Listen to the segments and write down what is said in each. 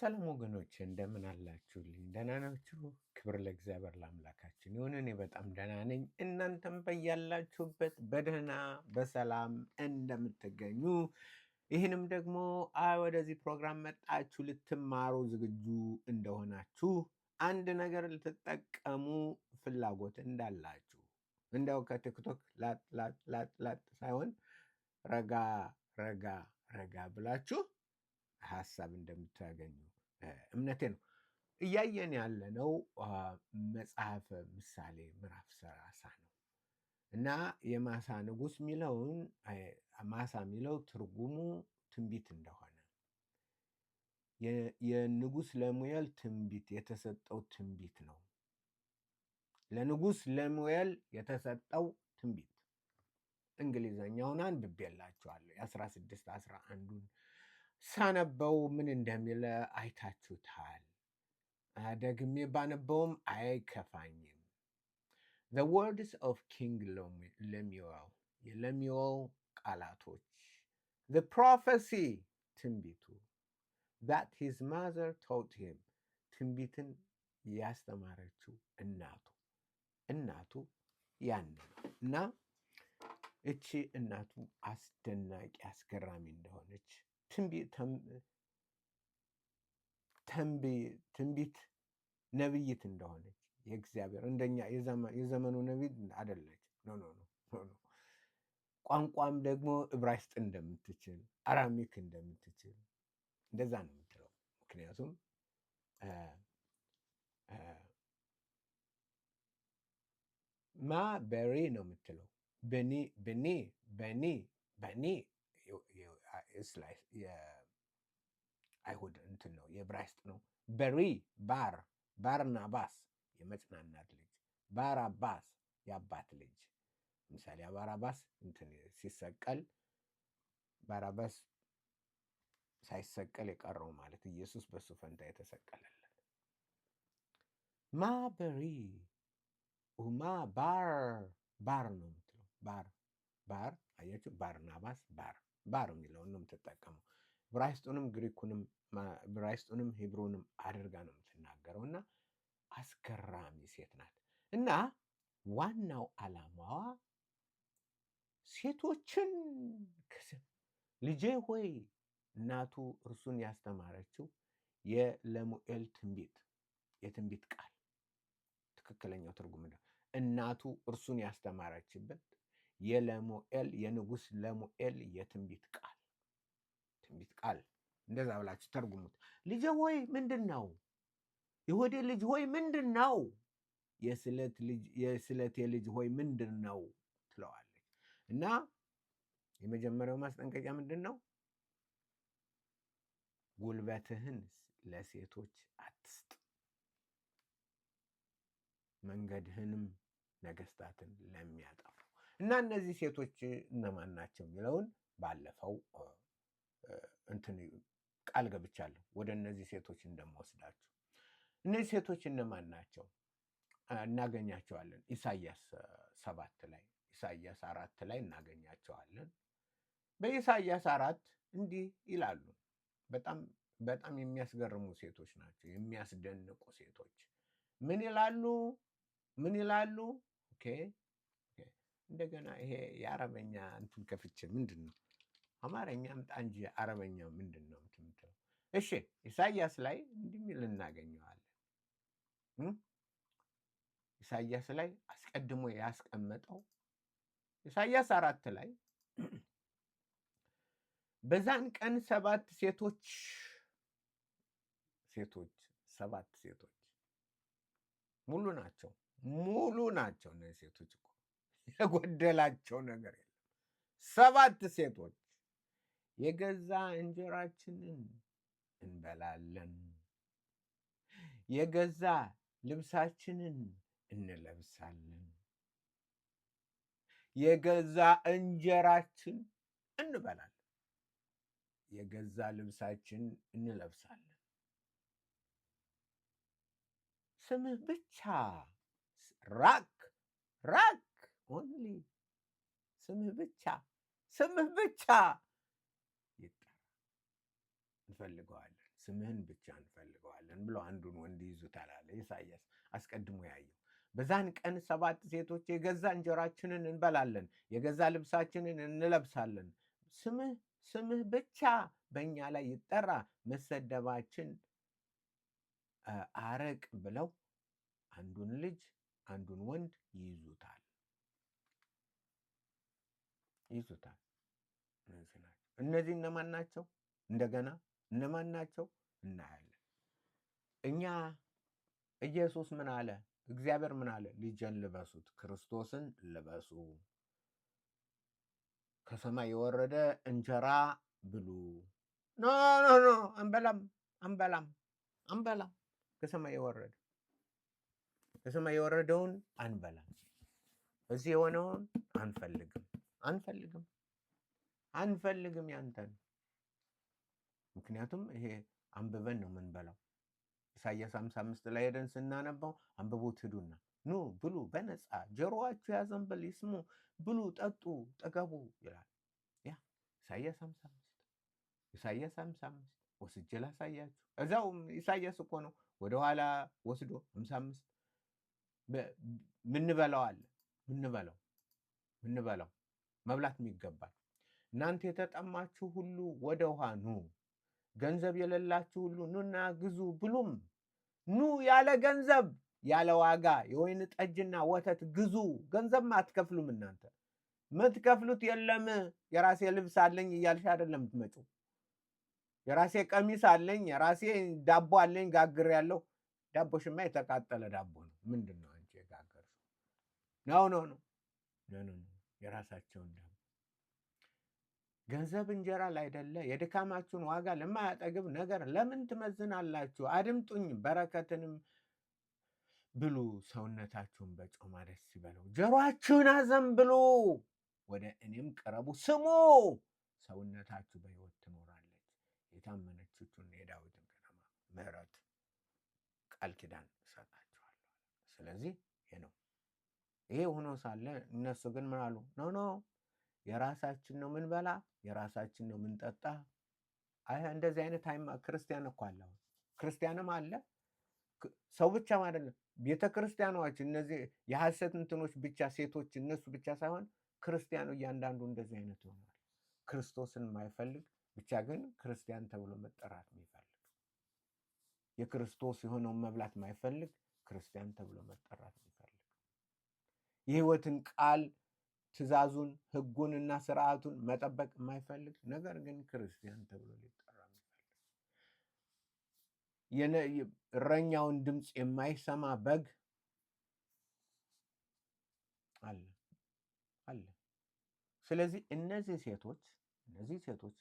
ሰላም ወገኖች እንደምን አላችሁልኝ? ደህና ናችሁ? ክብር ለእግዚአብሔር ለአምላካችን ይሁን። እኔ በጣም ደህና ነኝ። እናንተም በያላችሁበት በደህና በሰላም እንደምትገኙ ይህንም ደግሞ አይ ወደዚህ ፕሮግራም መጣችሁ ልትማሩ ዝግጁ እንደሆናችሁ አንድ ነገር ልትጠቀሙ ፍላጎት እንዳላችሁ እንዲያው ከቲክቶክ ላጥ ላጥ ላጥ ላጥ ሳይሆን ረጋ ረጋ ረጋ ብላችሁ ሀሳብ እንደምታገኙ እምነቴ ነው። እያየን ያለነው መጽሐፈ ምሳሌ ምዕራፍ ሰላሳ ነው እና የማሳ ንጉስ የሚለውን ማሳ የሚለው ትርጉሙ ትንቢት እንደሆነ የንጉስ ለሙኤል ትንቢት የተሰጠው ትንቢት ነው። ለንጉስ ለሙኤል የተሰጠው ትንቢት እንግሊዘኛውን አንብቤላችኋለሁ የአስራ ስድስት አስራ አንዱን ሳነበው ምን እንደሚለ አይታችሁታል። ደግሜ ባነበውም አይከፋኝም። The words of King Lemuel የለሚወል ቃላቶች the prophecy ትንቢቱ that his mother taught him ትንቢትን ያስተማረችው እናቱ እናቱ ያን እና እቺ እናቱ አስደናቂ አስገራሚ እንደሆነች ትንቢት ነብይት እንደሆነች የእግዚአብሔር እንደኛ የዘመኑ ነቢይ አደለች። ቋንቋም ደግሞ እብራይስጥ እንደምትችል አራሚክ እንደምትችል እንደዛ ነው የምትለው። ምክንያቱም ማ በሬ ነው የምትለው በኔ በኔ በኔ በኔ አይሁድ እንትን ነው የዕብራይስጥ ነው። በሪ ባር ባርናባስ የመጽናናት ልጅ ባራባስ የአባት ልጅ ምሳሌ ባራባስ እንትን ሲሰቀል ባራባስ ሳይሰቀል የቀረው ማለት ኢየሱስ በሱ ፈንታ የተሰቀለለን ማ በሪ ባር ባር ነው የምትለው ባር ባር አያችሁ ባርናባስ ባር ባር የሚለውን ነው የምትጠቀመው። ብራይስጡንም ግሪኩንም ብራይስጡንም ሂብሩንም አድርጋ ነው የምትናገረው እና አስገራሚ ሴት ናት እና ዋናው ዓላማዋ ሴቶችን ልጄ ሆይ እናቱ እርሱን ያስተማረችው የለሙኤል ትንቢት የትንቢት ቃል ትክክለኛው ትርጉም ነው። እናቱ እርሱን ያስተማረችበት የለሙኤል የንጉስ ለሙኤል የትንቢት ቃል ትንቢት ቃል እንደዛ ብላችሁ ተርጉሙት። ልጅ ሆይ ምንድን ነው? የሆዴ ልጅ ሆይ ምንድን ነው? የስለቴ ልጅ ሆይ ምንድን ነው ትለዋለች። እና የመጀመሪያው ማስጠንቀቂያ ምንድን ነው? ጉልበትህን ለሴቶች አትስጥ፣ መንገድህንም ነገስታትን ለሚያጠፉ እና እነዚህ ሴቶች እነማን ናቸው የሚለውን ባለፈው እንትን ቃል ገብቻለሁ ወደ እነዚህ ሴቶች እንደምወስዳችሁ። እነዚህ ሴቶች እነማን ናቸው? እናገኛቸዋለን ኢሳያስ ሰባት ላይ ኢሳያስ አራት ላይ እናገኛቸዋለን። በኢሳያስ አራት እንዲህ ይላሉ። በጣም በጣም የሚያስገርሙ ሴቶች ናቸው፣ የሚያስደንቁ ሴቶች ምን ይላሉ? ምን ይላሉ? ኦኬ እንደገና ይሄ የአረበኛ እንትን ከፍቼ ምንድን ነው አማርኛ አምጣ እንጂ አረበኛው ምንድን ነው ምትምትለው? እሺ ኢሳያስ ላይ እንዲህ እናገኘዋለን። ኢሳያስ ላይ አስቀድሞ ያስቀመጠው ኢሳያስ አራት ላይ በዛን ቀን ሰባት ሴቶች ሴቶች ሰባት ሴቶች ሙሉ ናቸው ሙሉ ናቸው እነዚህ ሴቶች እኮ የጎደላቸው ነገር የለም። ሰባት ሴቶች የገዛ እንጀራችንን እንበላለን፣ የገዛ ልብሳችንን እንለብሳለን፣ የገዛ እንጀራችን እንበላለን፣ የገዛ ልብሳችን እንለብሳለን። ስምህ ብቻ ራቅ ራቅ ኦንሊ ስምህ ብቻ ስምህ ብቻ ይጠራ እንፈልገዋለን፣ ስምህን ብቻ እንፈልገዋለን ብሎ አንዱን ወንድ ይዙታል አለ ኢሳያስ አስቀድሞ ያየው። በዛን ቀን ሰባት ሴቶች የገዛ እንጀራችንን እንበላለን፣ የገዛ ልብሳችንን እንለብሳለን። ስምህ ስምህ ብቻ በእኛ ላይ ይጠራ፣ መሰደባችን አረቅ ብለው አንዱን ልጅ አንዱን ወንድ ይይዙታል። ይዙታል። እነዚህ ናቸው። እነዚህ እነማን ናቸው? እንደገና እነማን ናቸው እናያለን። እኛ ኢየሱስ ምን አለ? እግዚአብሔር ምን አለ? ልጄን ልበሱት፣ ክርስቶስን ልበሱ፣ ከሰማይ የወረደ እንጀራ ብሉ። ኖ ኖ ኖ፣ አንበላም፣ አንበላም፣ አንበላም። ከሰማይ የወረደ ከሰማይ የወረደውን አንበላም፣ እዚህ የሆነውን አንፈልግም። አንፈልግም አንፈልግም ያንተን። ምክንያቱም ይሄ አንብበን ነው የምንበላው። ኢሳያስ ሃምሳ አምስት ላይ ሄደን ስናነባው አንብቦት ሂዱና ኑ ብሉ በነፃ ጆሮዋችሁ ያዘንብል ይስሙ፣ ብሉ፣ ጠጡ፣ ጠገቡ ይላል። ያ ኢሳያስ ሃምሳ አምስት ኢሳያስ ሃምሳ አምስት ወስጄ ላሳያችሁ። እዛው ኢሳያስ እኮ ነው ወደኋላ ወስዶ ሃምሳ አምስት ምንበላው አለ ምንበላው ምንበላው መብላት የሚገባል። እናንተ የተጠማችሁ ሁሉ ወደ ውሃ ኑ፣ ገንዘብ የሌላችሁ ሁሉ ኑና ግዙ፣ ብሉም ኑ ያለ ገንዘብ ያለ ዋጋ የወይን ጠጅና ወተት ግዙ። ገንዘብ አትከፍሉም። እናንተ ምትከፍሉት የለም። የራሴ ልብስ አለኝ እያልሽ አይደለም የምትመጪው። የራሴ ቀሚስ አለኝ፣ የራሴ ዳቦ አለኝ ጋግር ያለው ሽማ የተቃጠለ ዳቦ ነው። ምንድን ነው አንቺ ነው ነው ነው የራሳቸውን ደግሞ ገንዘብ እንጀራ ላይደለ የድካማችሁን ዋጋ ለማያጠግብ ነገር ለምን ትመዝናላችሁ? አድምጡኝ፣ በረከትንም ብሉ፣ ሰውነታችሁን በጮማ ደስ ይበለው። ጆሮአችሁን አዘንብሉ፣ ወደ እኔም ቅረቡ፣ ስሙ፣ ሰውነታችሁ በሕይወት ትኖራለች። የታመነችቱን የዳዊትን ከተማ ምሕረት ቃል ኪዳን እሰጣችኋለሁ። ስለዚህ ይህ ነው። ይሄ ሆኖ ሳለ እነሱ ግን ምን አሉ? ኖ ኖ የራሳችን ነው ምንበላ፣ የራሳችን ነው ምንጠጣ። እንደዚህ አይነት ክርስቲያን እኮ አለ፣ ክርስቲያንም አለ። ሰው ብቻም አይደለም ቤተክርስቲያኖች እነዚህ የሐሰት እንትኖች ብቻ ሴቶች፣ እነሱ ብቻ ሳይሆን ክርስቲያኑ እያንዳንዱ እንደዚህ አይነት ይሆናል። ክርስቶስን የማይፈልግ ብቻ ግን ክርስቲያን ተብሎ መጠራት የሚፈልግ የክርስቶስ የሆነውን መብላት የማይፈልግ ክርስቲያን ተብሎ መጠራት የህይወትን ቃል ትእዛዙን ህጉንና ስርዓቱን መጠበቅ የማይፈልግ ነገር ግን ክርስቲያን ተብሎ ሊጠራ የሚፈልግ እረኛውን ድምፅ የማይሰማ በግ አለ አለ። ስለዚህ እነዚህ ሴቶች እነዚህ ሴቶች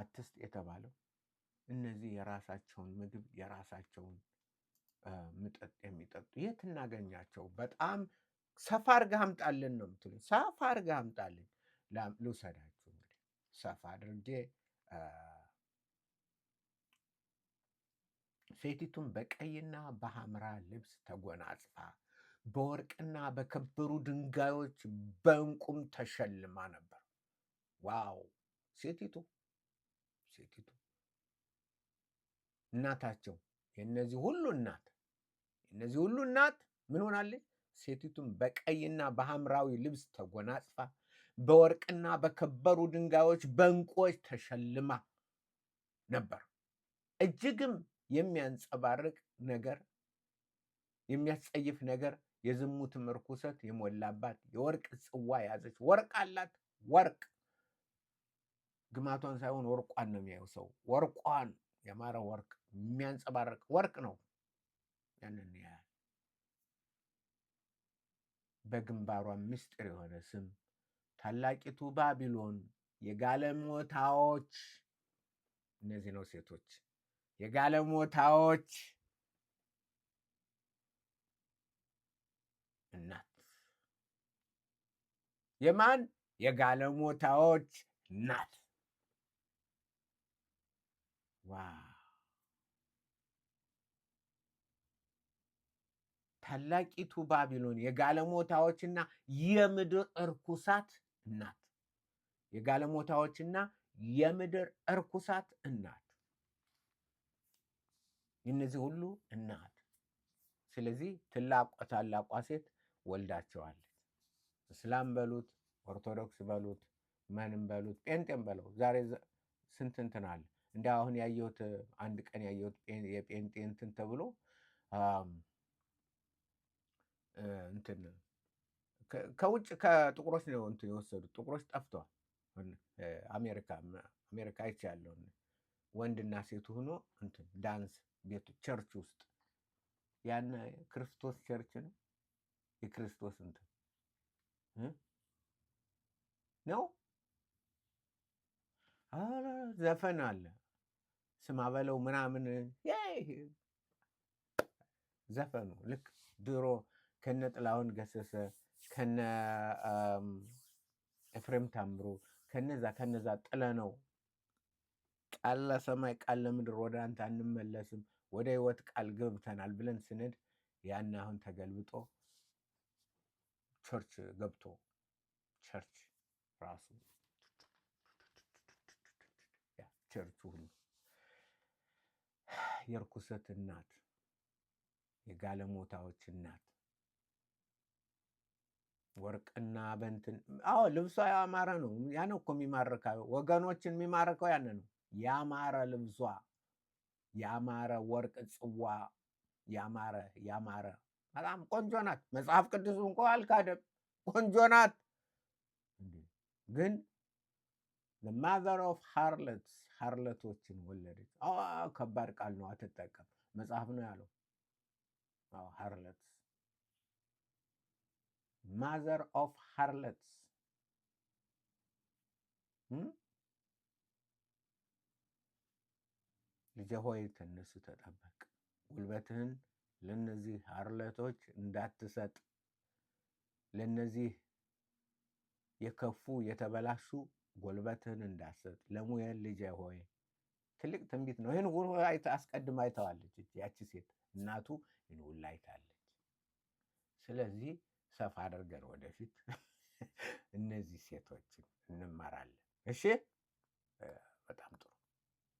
አትስጥ የተባለው እነዚህ የራሳቸውን ምግብ የራሳቸውን ምጠጥ የሚጠጡ የት እናገኛቸው? በጣም ሰፋ አድርገህ አምጣልን ነው የምትሉኝ። ሰፋ አድርገህ አምጣልን ልውሰዳችሁ። እንግዲህ ሰፋ አድርጌ ሴቲቱን በቀይና በሐምራ ልብስ ተጎናጽፋ በወርቅና በከበሩ ድንጋዮች በእንቁም ተሸልማ ነበር። ዋው! ሴቲቱ ሴቲቱ እናታቸው የእነዚህ ሁሉ እናት እነዚህ ሁሉ እናት ምን ሆናለች? ሴቲቱም በቀይና በሐምራዊ ልብስ ተጎናጽፋ በወርቅና በከበሩ ድንጋዮች በእንቁዎች ተሸልማ ነበር። እጅግም የሚያንጸባርቅ ነገር፣ የሚያስጸይፍ ነገር፣ የዝሙት ምርኩሰት የሞላባት የወርቅ ጽዋ የያዘች ወርቅ አላት። ወርቅ ግማቷን ሳይሆን ወርቋን ነው የሚያየው ሰው። ወርቋን ያማረ ወርቅ የሚያንጸባርቅ ወርቅ ነው ያንን ያህል በግንባሯ ምስጢር የሆነ ስም ታላቂቱ ባቢሎን የጋለሞታዎች እነዚህ ነው ሴቶች የጋለሞታዎች እናት የማን የጋለሞታዎች እናት ዋ ታላቂቱ ባቢሎን የጋለሞታዎችና የምድር እርኩሳት እናት የጋለሞታዎችና የምድር እርኩሳት እናት እነዚህ ሁሉ እናት። ስለዚህ ታላቋ ሴት ወልዳቸዋለች። እስላም በሉት ኦርቶዶክስ በሉት መንም በሉት ጴንጤም በለው ዛሬ ስንት እንትን አለ። እንደ አሁን ያየሁት አንድ ቀን ያየሁት የጴንጤ እንትን ተብሎ እንትን ከውጭ ከጥቁሮች ነው እንትን የወሰዱት። ጥቁሮች ጠፍተዋል። አሜሪካ አሜሪካ ያለው ወንድና ሴት ሆኖ እንትን ዳንስ ቤቱ ቸርች ውስጥ ያን ክርስቶስ ቸርች ነው የክርስቶስ እንትን ነው ዘፈን አለ ስማ በለው ምናምን ዘፈኑ ልክ ድሮ ከነ ጥላሁን ገሰሰ ከነ ኤፍሬም ታምሩ ከነዛ ከነዛ ነው ቃል ለሰማይ ቃል ለምድር ወደ አንተ አንመለስም ወደ ህይወት ቃል ገብተናል ብለን ስንድ ያን አሁን ተገልብጦ ቸርች ገብቶ ቸርች ራሱ ቸርች ሁሉ የርኩሰት እናት የጋለሞታዎች እናት ወርቅና በንትን አዎ ልብሷ ያማረ ነው። ያን እኮ የሚማርከው ወገኖችን የሚማርከው ያን ነው። ያማረ ልብሷ፣ ያማረ ወርቅ ጽዋ፣ ያማረ ያማረ በጣም ቆንጆ ናት። መጽሐፍ ቅዱስ እንኳ አልካደም፣ ቆንጆ ናት። ግን ማዘር ኦፍ ሃርለትስ ሃርለቶችን ወለደች። ከባድ ቃል ነው፣ አትጠቀም መጽሐፍ ነው ያለው ሃርለትስ ማዘር ኦፍ harlots. Hmm? ልጄ ሆይ ተጠበቅ፣ ጉልበትህን ለነዚህ ሃርለቶች እንዳትሰጥ፣ ለእነዚህ የከፉ የተበላሹ ጉልበትህን እንዳትሰጥ ለሙኤል ልጄ ሆይ ትልቅ ትንቢት ነው። ይህን ሁሉ አስቀድማ አይተዋለች ያቺ ሴት እናቱ ይህን ሁሉ አይታለች። ስለዚህ ሰፋ አድርገን ወደፊት እነዚህ ሴቶችን እንማራለን። እሺ፣ በጣም ጥሩ።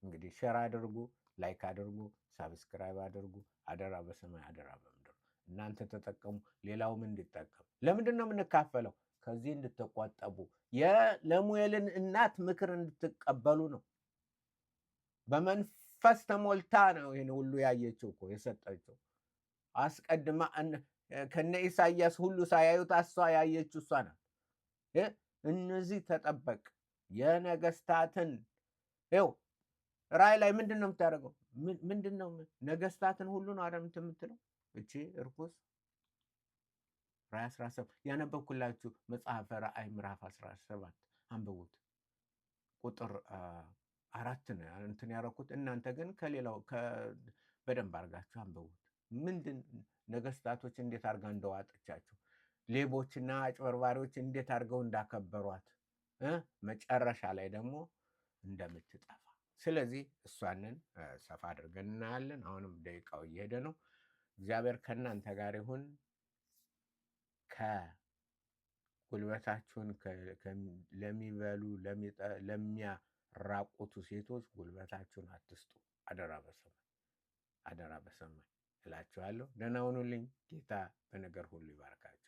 እንግዲህ ሼር አድርጉ፣ ላይክ አድርጉ፣ ሳብስክራይብ አድርጉ። አደራ በሰማይ አደራ በምድር እናንተ ተጠቀሙ፣ ሌላውም እንዲጠቀም። ለምንድን ነው የምንካፈለው? ከዚህ እንድትቆጠቡ የለሙኤልን እናት ምክር እንድትቀበሉ ነው። በመንፈስ ተሞልታ ነው ይህን ሁሉ ያየችው እኮ የሰጠችው አስቀድማ ከነ ኢሳያስ ሁሉ ሳያዩት እሷ ያየችው እሷ ናት። እነዚህ ተጠበቅ የነገስታትን ው ራእይ ላይ ምንድን ነው የምታደርገው? ምንድን ነው ነገስታትን ሁሉ ነው አረምት የምትለው እቺ እርኩስ ራእይ አስራ ያነበብኩላችሁ መጽሐፈ ራእይ ምዕራፍ አስራ ሰባት አንብቡት። ቁጥር አራት ነው እንትን ያረኩት። እናንተ ግን ከሌላው በደንብ አድርጋችሁ አንብቡት። ምንድን ነገስታቶች እንዴት አድርጋ እንደዋጠቻቸው ሌቦችና አጭበርባሪዎች እንዴት አድርገው እንዳከበሯት መጨረሻ ላይ ደግሞ እንደምትጠፋ። ስለዚህ እሷንን ሰፋ አድርገን እናያለን። አሁንም ደቂቃው እየሄደ ነው። እግዚአብሔር ከእናንተ ጋር ይሁን። ከጉልበታችሁን ለሚበሉ ለሚያራቁቱ ሴቶች ጉልበታችሁን አትስጡ። አደራ በሰማይ አደራ በሰማይ እላችኋለሁ። ደህና ሁኑልኝ። ጌታ በነገር ሁሉ ይባርካችሁ።